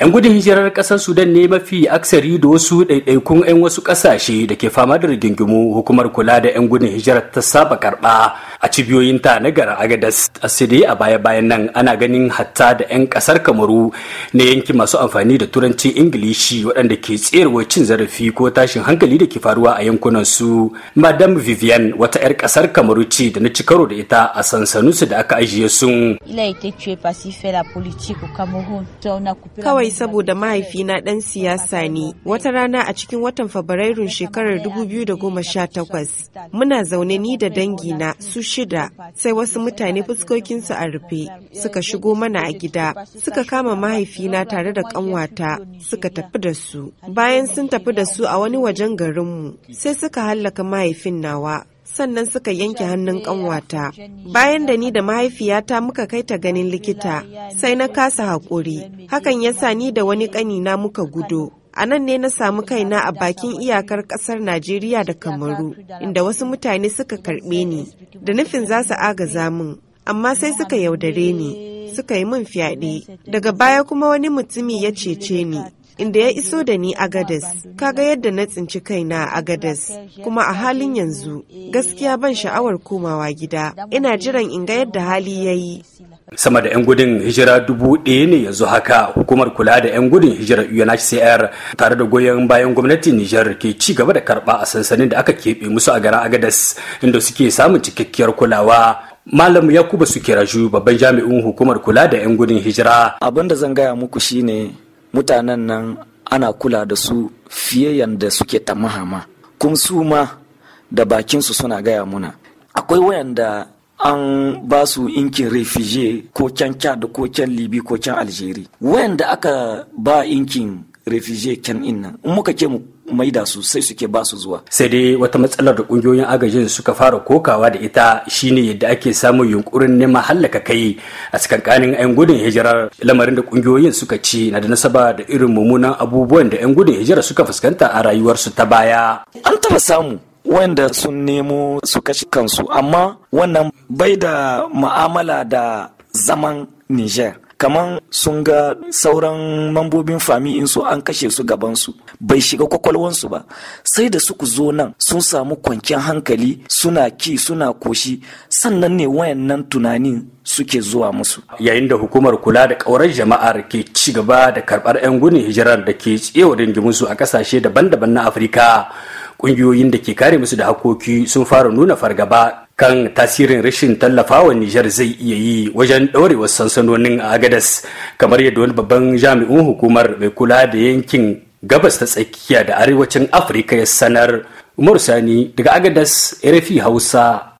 'yan gudun hijirar kasar sudan ne mafi aksari da wasu ɗaiɗaikun 'yan wasu ƙasashe da ke fama da rigingimu hukumar kula da 'yan gudun hijirar ta saba karɓa a cibiyoyin ta na gara agadas asiri a baya-bayan nan ana ganin hatta da 'yan kasar kamaru na yanki masu amfani da turanci ingilishi waɗanda ke tserewa cin zarafi ko tashin hankali da ke faruwa a yankunan su madam vivian wata 'yar kasar kamaru ce da na ci da ita a sansaninsu da aka ajiye sun kawai saboda mahaifi na dan siyasa ne wata rana a cikin watan fabrairun shekarar 2018 muna zaune ni da dangina su shida sai wasu mutane fuskokinsu a rufe suka shigo mana a gida suka kama mahaifina tare da kanwata suka tafi da su bayan sun tafi da su a wani wajen garinmu sai suka hallaka mahaifin nawa sannan suka yanke hannun kanwata bayan da ni da mahaifiyata muka kai ta ganin likita sai na kasa haƙuri hakan ya sa ni da wani ƙanina muka gudo A nan ne na samu kaina a bakin iyakar ƙasar Najeriya da Kamaru, inda wasu mutane suka karɓe ni, da nufin za su agaza min, amma sai suka yaudare ni. Suka yi min fyaɗe, daga baya kuma wani mutumi ya cece ni, inda ya iso da ni Agadas. Kaga yadda na tsinci kaina a Agadas, kuma a halin yanzu gaskiya ban sha'awar komawa gida. Ina jiran in ga yadda hali ya yi. Sama da 'yan gudun hijira dubu ɗaya ne yanzu haka hukumar kula da 'yan gudun hijira UNHCR tare da goyon bayan gwamnatin Nijar ke ci gaba da karba a sansanin da aka keɓe musu a garin Agadas inda suke samun cikakkiyar kulawa. Malam Yakubu Sukiraju babban jami'in hukumar kula da 'yan gudun hijira. Abin da zan gaya muku shine mutanen nan ana kula da su fiye yadda suke ta mahama kuma su ma da bakinsu suna gaya muna akwai wayanda an ba su inkin refugee ko can da ko can libi ko can algeri wayanda aka ba inkin refugee can in nan in muka ce mu maida su sai suke ba su zuwa sai dai wata matsalar da kungiyoyin agajin suka fara kokawa da ita shine yadda ake samun yunkurin neman hallaka kai a tsakankanin 'yan gudun hijirar lamarin da kungiyoyin suka ci na da nasaba da irin mummunan abubuwan da 'yan gudun hijira suka fuskanta a rayuwarsu ta baya an taba samu wanda sun nemo su kashe kansu amma wannan bai da ma'amala da zaman niger kamar sun ga sauran mambobin fami in su an kashe su gabansu bai shiga kwakwalwansu ba sai da suku zo nan sun samu kwanciyar hankali suna ki suna koshi sannan ne wayannan tunanin suke zuwa musu yayin da hukumar kula da ƙaurar jama'ar ke ci gaba da karbar 'yan gudun hijirar da ke tsewa dangiminsu a kasashe daban-daban na afirka ƙungiyoyin da ke kare musu da hakoki sun fara nuna fargaba kan tasirin rashin tallafawa Nijar zai iya yi wajen ɗorewar sansanonin a Agadas kamar yadda wani babban jami'in hukumar mai kula da yankin gabas ta tsakiya da arewacin Afirka ya sanar Umar Sani daga Agadas RFI Hausa